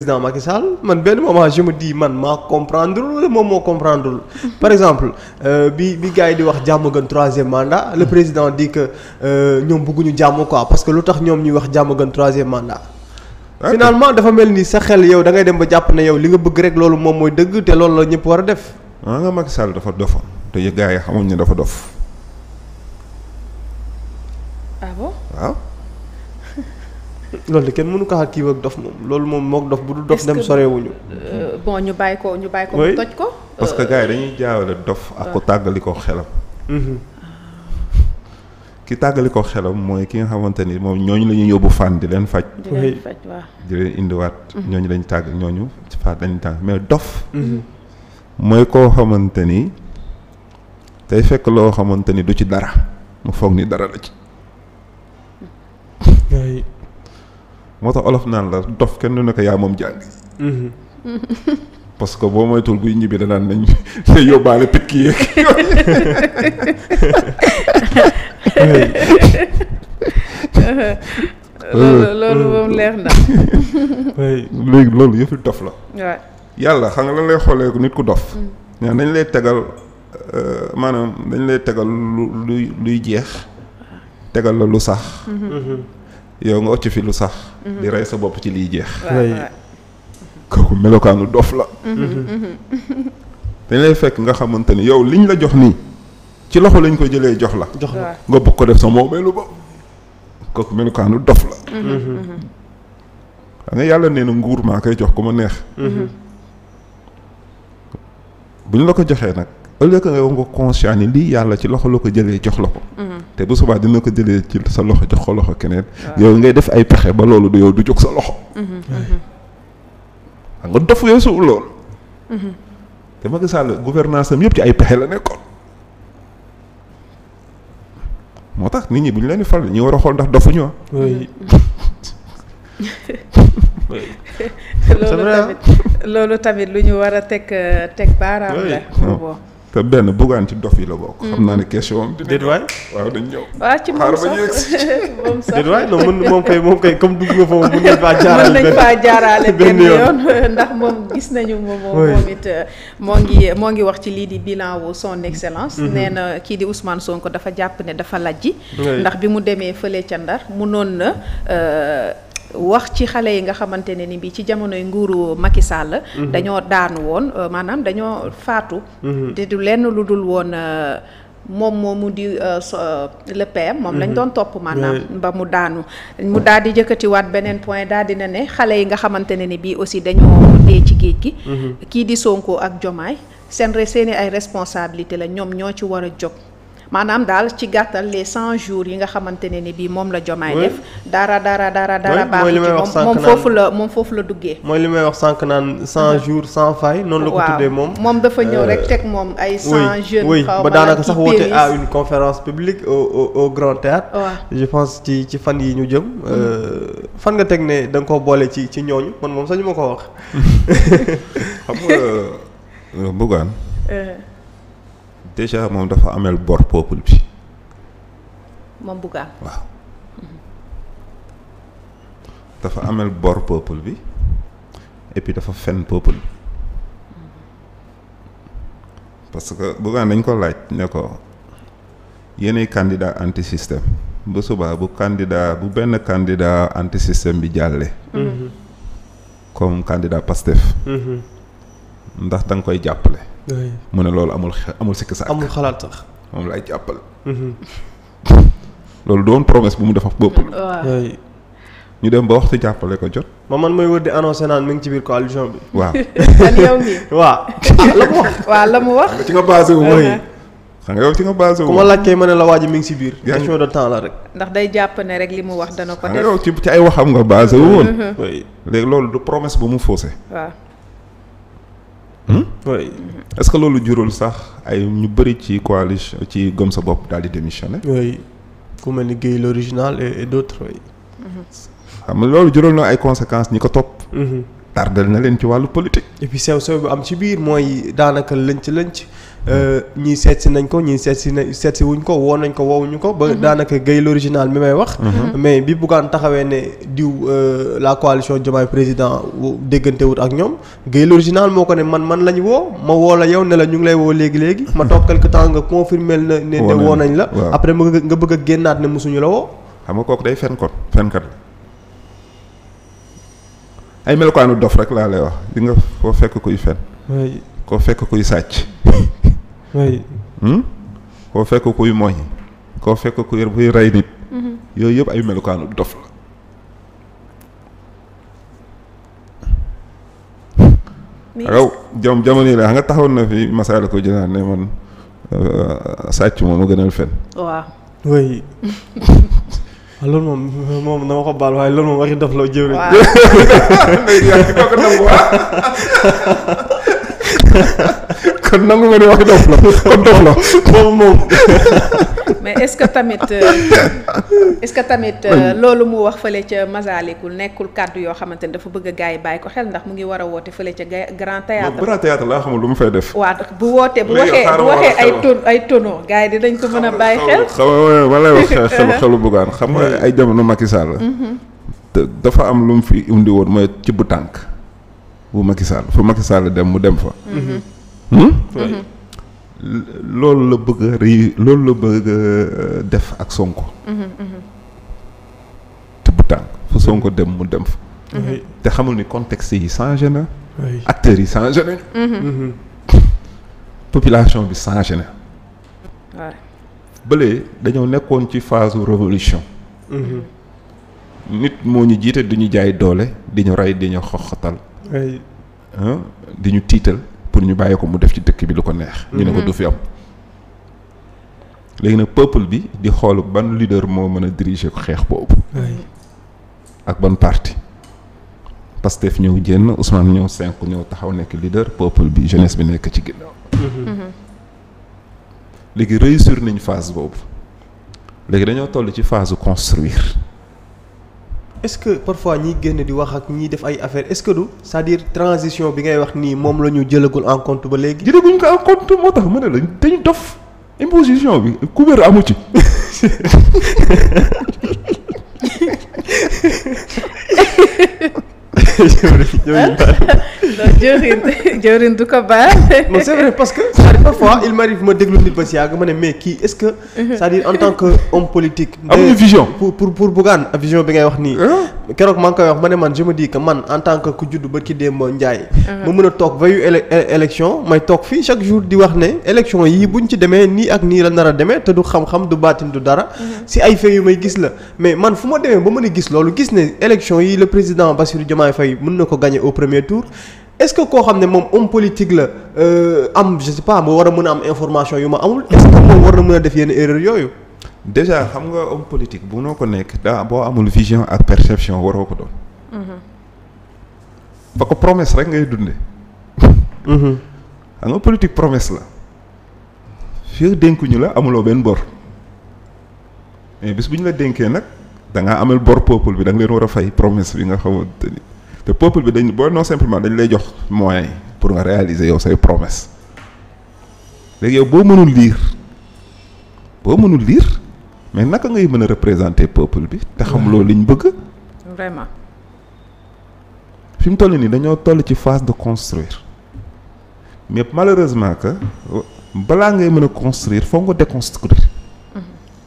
président Macky Sall man benn moment je me dis man maa comprendre wala moom moo comprendre par exemple euh, bi bi gars yi di wax jàmm gën troisième mandat le mm. président di que euh, ñoom bëgguñu jàmm quoi parce que lu tax ñoom ñuy wax jàmm gën troisième mandat. finalement dafa mel ni sa xel yow dangay dem ba jàpp na yow li nga bëgg rek loolu moom mooy dëgg te loolu la ñëpp war a def. maa nga Macky Sall dafa dofa te gars yi xamuñ ne dafa dof. Ah waaw. loolu de kenn mënu ko xaar kii ak dof moom loolu moom mook dof bu du dof dem sorewuñu euh, bon ñu bàyyi ko ñu ko mu toj ko parce que euh, gars yi dañuy jaawale dof ak ku ah. tàggali ko xelam mhm. ki tàggali ko xelam mooy ki nga xamante ni moom ñooñu lañuy ñuy yóbbu fan di leen faj di leen indiwaat mhm. ñooñu lañ tàgg ñooñu fa lañ tàgg mais dof mhm. mooy koo xamante ni tey fekk loo xamante ni du ci dara mu foog ni dara la ci moo tax olof naan la dof kenn du ne yaa moom jàng. parce que boo moytuwul buy ñibbi da naan nañ te yóbbaale picc yeeg. loolu loolu moom leer na. léegi loolu yëpp dof la. yàlla xam nga la lay xoolee nit ku dof. ñaan mm. dañ lay tegal euh, maanaam dañ lay tegal lu luy luy jeex. tegal la lu sax. Mm-hmm. yow nga occ fi lu sax. Mhm. di rey sa bopp ci liy jeex. kooku melokaanu dof la. Mhm, mhm. dañ lay fekk nga xamante ni yow liñ la jox nii ci loxo lañ ko jëlee jox la. jox nga bëgg ko def sa moomeelu ba kooku melokaanu dof la. xam yàlla nee na nguur maa koy jox ku ma neex. buñ la ko joxee nag au lieu que nga conscient ni lii yàlla ci loxo la ko jëlee jox la ko. te bu subaa dina ko jëlee ci sa loxo jox ko loxo keneen. yow ngay def ay pexe ba loolu du yow du jóg sa loxo. Mhm, mhm. xam nga dof weesuwul loolu. Mhm. te Macky Sall gouvernance am yëpp ci ay pexe la nekkoon. moo tax nit ñi bu ñu leen di fal ñu war a xool ndax dofuñu ah. oui. loolu tamit loolu a teg euh, teg baaraam te benn buggaan ci dof yi la bokk. Mm. xam naa ne question bi. déet waay waaw dañ ñëw. waaw ci moom sax moom kay comme dugg foofu mën nañ faa jaarale benn yoon ndax moom gis nañu moom it euh, moo ngi moo ngi wax ci lii di bilan wu son excellence. Mhm. nee na kii di Ousmane Sonko dafa jàpp ne dafa lajji. ndax bi mu demee fële ca Ndar munoon na. Euh, wax ci xale yi nga xamante ne ni bi ci jamonoy nguuru Macky Sall. Mhm. dañoo daanu woon euh, maanaam dañoo faatu. Mhm. te du lenn lu dul woon. Euh, moom moomu di euh, le moom lañ mhm. doon topp maanaam ba mu daanu mu daal di jëkkatiwaat beneen point daal dina ne xale yi nga xamante ne ni bii aussi dañoo dee ci géej gi kii di Sonko ak Jomaay seen seeni ay responsabilité la ñoom ñoo ci war a jóg maanaam daal ci gàttal les cent jours yi nga xamante ne ni bii moom la jomaay def dara dara dara dara baaxu ci moom moom foofu la moom foofu la duggee mooy li may wax sànq naan cent jours cent failles noonu la ko tuddee moom moom dafa ñëw rek euh, teg moom ay cent jeunes ba daanaka sax woote à une conférence publique au au grand théâtre je pense ci ci fan yi ñu jëm mm. euh, fan nga teg ne da nga ko boole ci ci ñooñu man moom sañu ma ko wax xam nga euh, déjà moom dafa amel bor peuple bi. moom Bougane waaw. dafa amel bor peuple bi et dafa fen peuple bi parce que Bougane dañ ko laaj ne ko yenee candidat anti système bu subaa bu candidat bu benn candidat anti système bi jàlle. Mhm. comme candidat Pastef. Mhm. ndax da nga koy jàppale. mu ne loolu amul amul sikk sàkk amul xalaat sax. moom lay jàppale. Mhm. loolu doon promesse bu mu defa ak bopp. ñu dem ba waxtu jàppale ko jot. ma man mooy wër di annoncé naan mi ngi ci biir coalition bi. waaw man yow mii. waaw ah, la mu wax. waaw la mu wax. ci nga basé wu mooy. Uh-huh. xam nga yow ci nga basé wu. ku ma ma ne la waa ji mi ngi si biir. question de temps la rek. ndax day jàpp ne rek li mu wax dana ko def. xam nga yow ci ci ay wax nga basé wu woon. Uh-huh. léegi loolu du promesse bu mu faussé. waaw hum est-ce que loolu jurul sax ay ñu bëri ci coalition ci gëm sa bopp daal di démissionner. oui ku mel ni Guèye et d'autres oui. Hmm. xam loolu jural na ay conséquences ñi ko topp. Hmm. dal na leen ci wàllu politique. et puis sew sew bu am ci biir mooy daanaka lënc lënc. Euh, ñii seet nañ ko ñii seet si nañ seet wuñ ko woo nañ ko woowuñu ko. ba mhm. daanaka gay l'original mi may wax. Mhm. mais bi Bougane taxawee ne diw euh, la coalition Diomaye président déggante ak ñoom gay l'original moo ko ne man man lañ woo ma woo la yow ne la ñu ngi lay woo léegi léegi. ma toog quelque temps nga confirmé na ne. woo nañ la après nga bëgg a génnaat ne mosuñu la woo. xam nga kooku day fen ay melokaanu dof rek laa lay wax di nga koo fekk kuy fen koo fekk kuy sàcc koo hmm? fekk kuy moy koo fekk kuy kuy rey nit mm-hmm. yooyu yëpp ay melokaanu dof la jam jamono yi la nga taxawoon na fi masaala ko jëlaat ne man euh, sàcc moom a gënal fen waaw loolu moom moom na ma ko baal waaye loolu moom waxi dof la jëw kon nangu nga di wax dof la moom moom. mais est-ce que tamit est-ce que tamit loolu mu wax fële ca Masalikul nekkul kàddu yoo xamante ne dafa bëgg a gars yi bàyyi ko xel ndax mu ngi war a woote fële ca Grand Théâtre. Grand Théâtre laa xamul lu mu fay def. waaw bu wootee bu waxee bu waxee ay ton ay tonneaux gars yi dinañ ko mën a bàyyi xel. xaw ma lay wax xelu xelu xam nga ay jamono Macky Sall. dafa am lu mu fi undi woon mooy cibb tànk. bu Macky Sall fa Macky Sall dem mu dem fa. Mm-hmm. Hmm? Mm-hmm. loolu la bëgg a loolu la bëgg euh, def ak Sonko. Mm-hmm, te tànk fa Sonko dem mu dem fa. te xamul ni contexte yi changé na. acteurs yi changé nañu. population bi changé na. waaw dañoo nekkoon ci phase révolution nit moo ñu jiite du ñu jaay doole di ñu rey di ñu xoxatal. di ñu tiital pour ñu bàyyee ko mu def ci dëkk bi lu ko neex. ñu ne ko mhm. du fi am. léegi nag peuple bi di xoolu ban leader moo mën a diriger ko xeex boobu. ak ban parti. Pastef ñëw génn Ousmane ñëw cinq ñëw taxaw nekk leader peuple bi jeunesse bi nekk ci ginnaaw. Mhm. léegi réussir nañ phase boobu. léegi dañoo toll ci phase su est-ce que parfois ñiy génn di wax ak ñiy def ay affaires est-ce que du cest à transition bi ngay wax nii moom la ñu jëlagul en compte ba léegi. jëlaguñ ko en compte moo tax ma ne la dañu dof imposition bi couvert amu ci. jëwriñ jëwriñ du ko baal. non c'est parce que parfois il m'arrive ma déglu nit ba si yàgg ma ne mais kii est-ce que. c'est-à-dire en tant que homme politique. amuñu vision pour pour pour vision bi ngay wax nii. keroog maa koy wax ma ne man je me dis que man en tant que ku judd ba ki démb Ndiaye. ma mën a toog veillu ele may toog fii chaque jour di wax ne élection yii buñ ci demee nii ak nii la nar a demee te du xam-xam du baatin du dara. Mhm. si ay faits yu may gis la mais man fu ma demee ba mën a gis loolu gis ne élection yi le président mooy mën na ko gagner au premier tour est-ce que koo xam ne moom homme politique la euh, am je sais pas mu war a mën a am information yu ma amul est-ce que moom war na mën a def yenn erreur yooyu. déjà xam nga homme politique bu noo ko nekk daa boo amul vision ak perception waroo ko doon. Mhm. ba ko promesse rek ngay dunde mhm. xam nga politique promesse la. fii dénkuñu la amuloo benn bor mais bis bu ñu la dénkee nag da ngaa bor peuple bi da leen war a fay promesse bi te peuple bi dañu boo non simplement dañ lay jox moyens yi pour nga réaliser yow say promesse léegi yow boo mënul lire boo mënul lire mais naka ngay mën a représenter peuple bi te xamuloo loolu liñ bëgg. vraiment. fi mu toll nii dañoo toll ci phase de construire mais malheureusement que balaa ngay mën a construire foog nga déconstruire.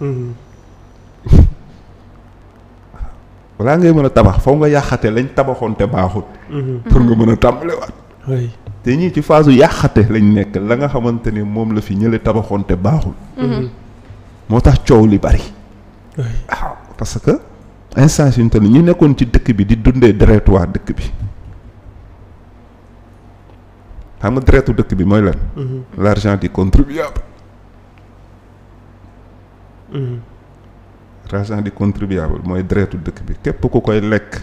Mhm. Mhm. balaa ngay mën a tabax faw nga yàqate lañ tabaxoon te baaxut. Mhm. pour nga mën a tàmbaliwaat. oui te ñii ci phase yàqate lañ nekk la nga xamante ne moom la fi ñële tabaxoon te baaxul. Mhm. moo tax coow li bari. Ah, parce que instance yu ñu toll ñi nekkoon ci dëkk bi di dundee deretu waa dëkk bi. xam nga deretu dëkk bi mooy lan. Mhm. l'argent du contribuable. l'argent du contribuable mooy deretu dëkk bi képp ku koy lekk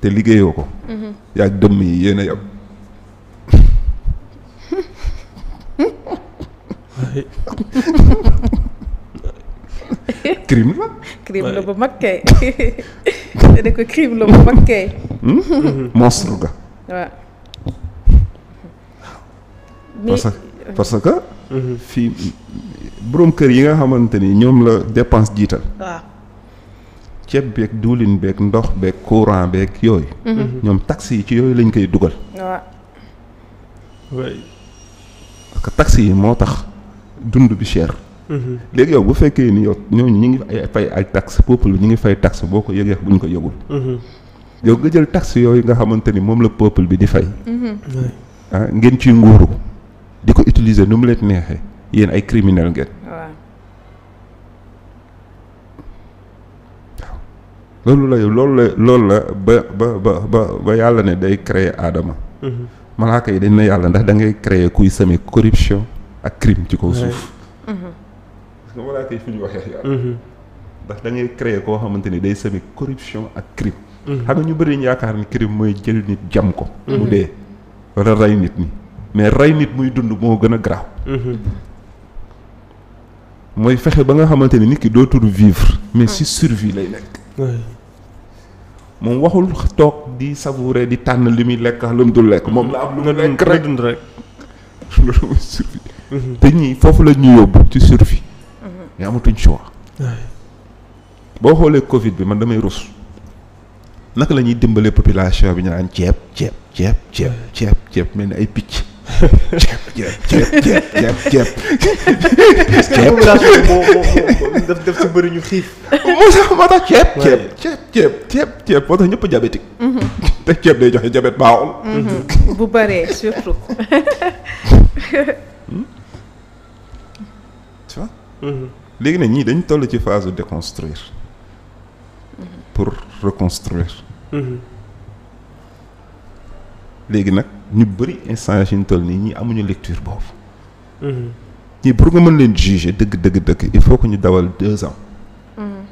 te liggéeyoo ko mhm. yaa dëmm yi yéen a yab la crime la bu mag kay hmm? mhm. monstre ga waaw parce que mhm. fii boroom kër yi nga xamante ni ñoom la dépense jiital. waaw ceeb beeg diwlin beek ndox beeg courant beek yooyu. Mm-hmm. ñoom taxes yi ci yooyu lañ koy dugal. waaw. parce yi moo tax dund bi cher. Mm-hmm. léegi yow bu fekkee ni yow ñooñu ñu ngi fay ay taxes peuple bi ñu ngi fay taxe boo ko yëgee bu ñu ko yëgul. Mm-hmm. yow nga jël taxes yooyu nga xamante ni moom la peuple bi di fay. ah ngeen ciy nguuru di ko utiliser nu mu leen neexee. yéen ay criminel ngeen. waaw. loolu la loolu la ba la ba ba ba ba yàlla ne day créer aadama. Mhm. malaaka yi dañ ne yàlla ndax da ngay créer kuy seme corruption ak crime ci kaw suuf. Mhm. ñu waxee yàlla. Mhm. créer koo xamante ni day seme corruption ak xam nga ñu bëri yaakaar ni crime mooy jël nit jam ko. mu dee wala rey nit ñi mais rey nit muy dund moo gën a garaaw. mooy fexe ba nga xamante ni nit ki dootul vivre mais si mm. survie lay nekk moom waxul toog di savourer di tànn li muy lekk lu mu dul lekk moom la am lu mu lekk rek dund rek loolu mooy mm-hmm. te ñii foofu la ñu yóbbu ci survie mm-hmm. mais amatuñ choix boo xoolee covid bi man damay rus naka lañuy ñuy dimbalee population bi ñu naan ceeb ceeb ceeb ceeb ceeb ceeb mel ni ay picc ceeb ceeb ceeb ceeb ceeb. def def si ñu xiif. moo ceeb. ceeb ceeb tax ñëpp a diabétique. te ceeb day joxe jabet baaxul. bu bëree surtout. tu léegi nag ñii dañ toll ci phase de déconstruire. pour reconstruire. léegi nag ñu bëri instance yi ñu toll nii ñi amuñu lecture boobu. Mhm. ñii pour nga mën leen juger dëgg dëgg dëgg il faut que ñu dawal deux ans. Mhm.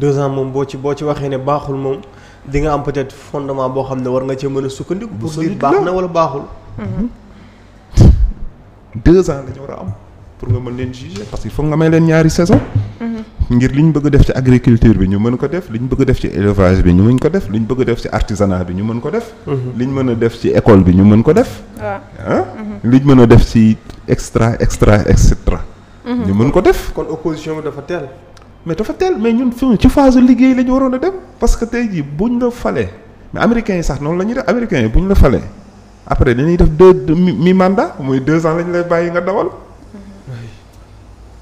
deux moom boo ci boo ci waxee ne baaxul moom di nga am peut-être fondement boo xam ne war nga cee mën a sukkandiku. pour dire baax na wala baaxul. Mhm. deux ans la ñu war a am pour nga mën leen juger parce que il nga may leen ñaari saison. ngir li ñu bëgg def ci agriculture bi ñu mën ko def li ñu bëgg def ci élevage bi ñu mën ko def li ñu bëgg def ci artisanat bi ñu mën ko def mhm. li ñu mën a def ci école bi ñu mën ko def ah mhm. li ñu mën a def ci extra extra et cetera mhm. ñu mën ko def kon opposition bi dafa teel mais dafa teel mais ñun fi ci phase liggéey la ñu waroon a dem parce que tey jii buñ la falee mais américains yi sax noonu la ñuy def américains yi buñ la falee après dañuy def deux mi mandat muy deux ans lañ lay bàyyi nga dawal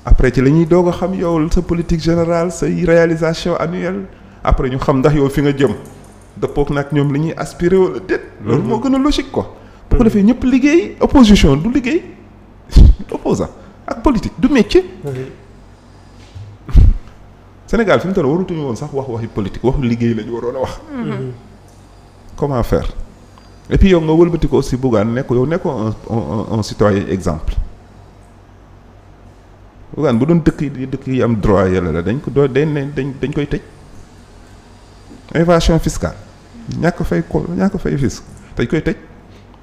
après ci la ñuy doog a xam yow sa politique général say réalisation annuelle après ñu xam ndax yow fi nga jëm dëppook nag ñoom li ñuy aspiré wala déet. Mm-hmm. loolu moo gën a logique quoi. bu mm-hmm. ko defee ñëpp liggéey opposition du liggéey opposant ak politique du métier. Mm-hmm. Sénégal fi mu toll waratuñu woon sax wax waxi politique waxu liggéey la ñu waroon a wax. comment faire et puis yow nga wëlbati ko aussi Bougane nekk yow nekkoo un un un citoyen exemple. Bougane bu doon dëkk yi dëkk yi am droit yàlla la dañ ko doo dañ ne dañ dañ koy tëj évasion fiscale ñàkk fay ko ñàkk fay fisc dañ koy tëj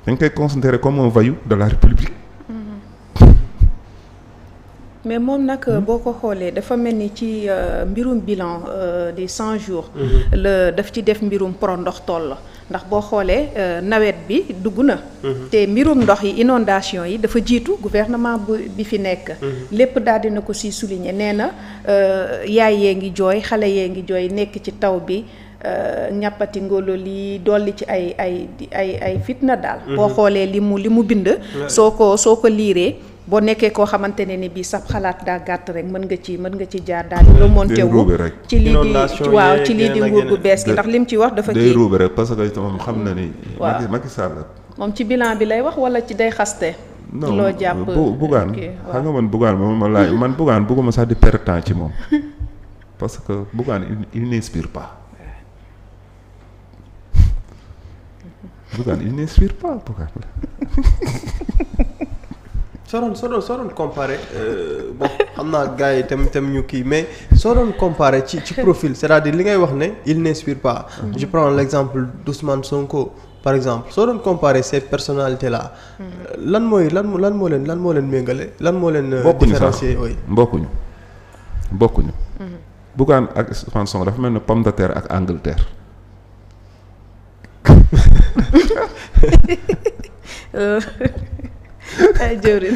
dañ koy considéré comme un voyou de la république mais moom nag hmm. boo ko xoolee dafa mel ni ci euh, mbirum bilan euh, des cent jours. Hmm. la daf ci def mbirum pro ndox toll ndax boo xoolee euh, nawet bi dugg na. Hmm. te mbirum ndox yi inondation yi dafa jiitu gouvernement bu bi fi nekk. lépp daal dina ko si souligner nee na yaay yee ngi jooy xale yee ngi jooy nekk ci taw bi. ñàppati ngólo li dolli ci ay ay ay ay fitna daal. boo xoolee li mu li mu bind. soo ko soo ko liiree. boo nekkee koo xamante ne ni bii sab xalaat daa gàtt rek mën nga ci mën nga ci jaar daal di remonté rek ci lii di waaw ci lii di nguur gu bees gi ndax lim ci wax dafa day ruube rek parce que moom xam na ni waaw Macky Sall moom ci bilan bi lay wax wala ci day xaste non loo jàpp bugaan xam nga man bugaan moom ma laaj man bugaan bugguma sax di perdre temps ci moom parce que bugaan il n'inspire pas bugaan il soo doon soo doon soo doon euh, xam naa gars yi tam tam ñu kii mais soo doon comparé ci ci profil c'est-à-dire li ngay wax ne il n'inspire pas mm-hmm. je prends l'exemple d'Ousmane Sonko par exemple soo doon comparer ces personnalités la mm-hmm. lan mooy lan lan moo leen lan moo leen méngale lan moo leen euh, différencier oui bokkuñu bokkuñu mm-hmm. Bougane ak Ousmane Sonko dafa mel ne pomme de terre ak Angleterre euh. ay jëwrin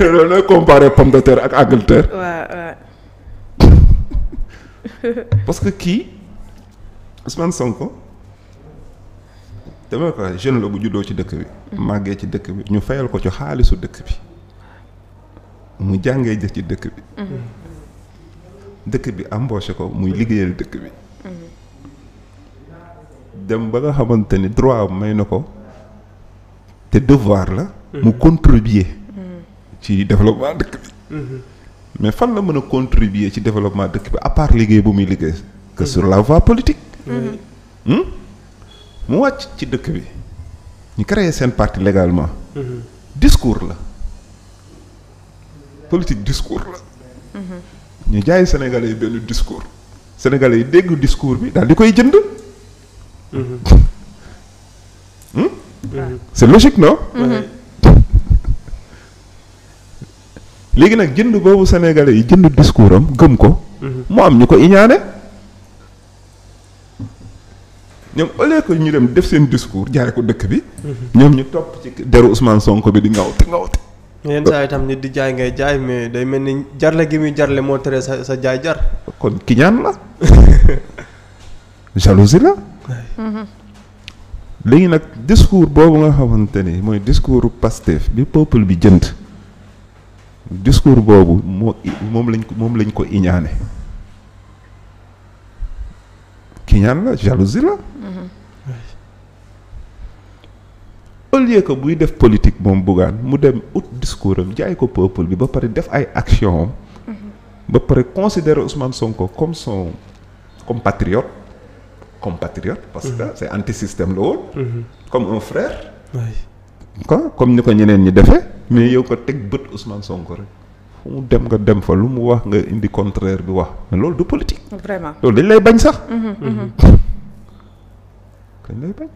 loolu looy ak Angleterre. waaw waaw. parce que kii Ousmane Sonko dama ko jeune la bu juddoo ci dëkk bi. màggee ci dëkk bi ñu fayal ko ci xaalisu dëkk bi mu jàngee jëf ci dëkk bi. Mm-hmm. dëkk bi embauché ko muy liggéeyal dëkk bi. Mm-hmm. dem ba nga xamante ni droit may na ko. te devoir la. Hmm. mu contribuer. Hmm. ci développement dëkk bi. Hmm. mais fan la mën a contribuer ci développement dëkk bi à part liggéey bu muy liggéey. que sur la voie politique. mu wàcc ci dëkk bi ñu créer seen parti légalement. discours la politique discours la. ñu jaay sénégalais yi benn discours sénégalais yi dégg discours bi daal di koy jënd. Mm-hmm. c'est logique non. Mm-hmm. léegi nag jënd boobu sénégalais yi jënd discours am gëm ko. Mm-hmm. mu am ñu ko iñaane ñoom au lieu ñu dem def seen discours jaare ko dëkk bi. ñoom ñu topp ci deru Ousmane Sonko bi di ngawti ngawti. yenn saa yi tam nit di jaay ngay jaay mais day mel ni jarle gi muy jarle moo tere sa sa jaay jar. kon kiñaan la jalousie la. léegi nag discours boobu nga xamante ni mooy discours Pastef bi peuple bi jënd discours boobu moo moom lañ ko moom lañ ko iñaane kiñaan ñaan la jalousie la mm-hmm. au lieu que buy def politique moom buggaan mu dem ut discours jaay ko peuple bi ba pare def ay action mm-hmm. ba pare considérer Ousmane Sonko comme comme compatriote comme compatriote parce que mhm. c'est anti-système la woon mhm. comme un frère quoi comme ni ko ñeneen ñi defee mais yow ko teg bët Ousmane Sonko rek fu mu dem nga dem fa lu mu wax nga indi contraire bi wax loolu du politique vraiment loolu dañ lay bañ sax mhm, dañ lay bañ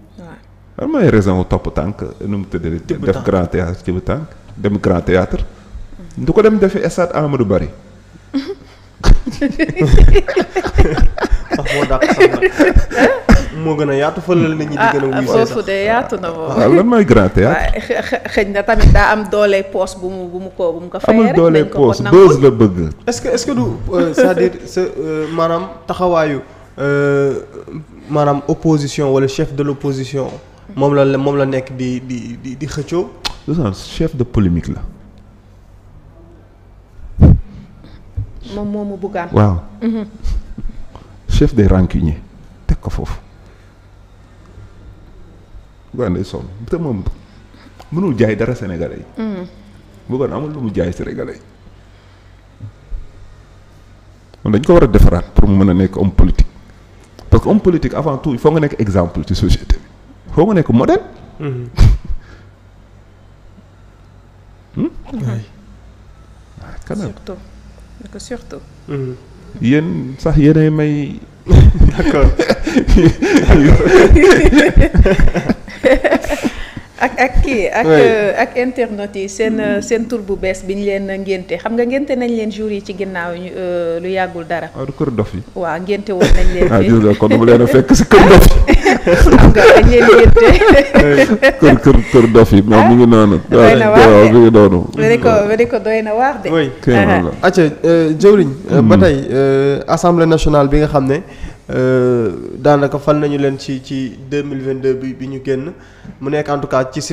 waaw mooy raison wu topp tànk nu mu tëddee def grand théâtre ci tànk dem grand théâtre du ko dem defi stade Amadou bari moo moo gën a yaatu fëlal nit di ah, gën a wuy ah, foofu de yaatu na moom waaw lan mooy grand théâtre xëj na tamit daa am doole poos bu mu bu mu ko bu bëgg est-ce que est euh, euh, maanaam taxawaayu euh, maanaam opposition wala chef de l'opposition moom la moom la nekk di di di di xëccoo chef de polémique la moom moomu buggaan waaw mhm. chef des rancuniers teg ko foofu Gane day sonn te moom mënul jaay dara Sénégalais yi. bu mm. ko amul lu mu jaay Sénégalais yi. kon dañ ko war a defaraat pour mu mën a nekk homme politique parce que homme politique avant tout il faut nga nekk exemple ci société bi foo nga nekk modèle. waaw. Mm-hmm. Hmm? Ah, surtout surtout. Mm-hmm. yéen sax yéenay may. d'accord. ak ak kii ak euh, ak internet yi seen euh, seen tur bu bees bi ñu leen ngénte xam nga ngénte nañ leen jour yi ci ginnaaw euh, lu yàggul dara. waaw ah, kër dof yi. waaw ngénte woon nañ leen. ah jërëjëf kon dof yi. xam noonu. Ah, doy ah, ko doy na waax de. oui kay noonu la. ba hmm. tey assemblée nationale bi nga xam ne. Euh, daanaka fal nañu leen ci ci deux mille vingt deux bi bi ñu génn mu nekk en tout cas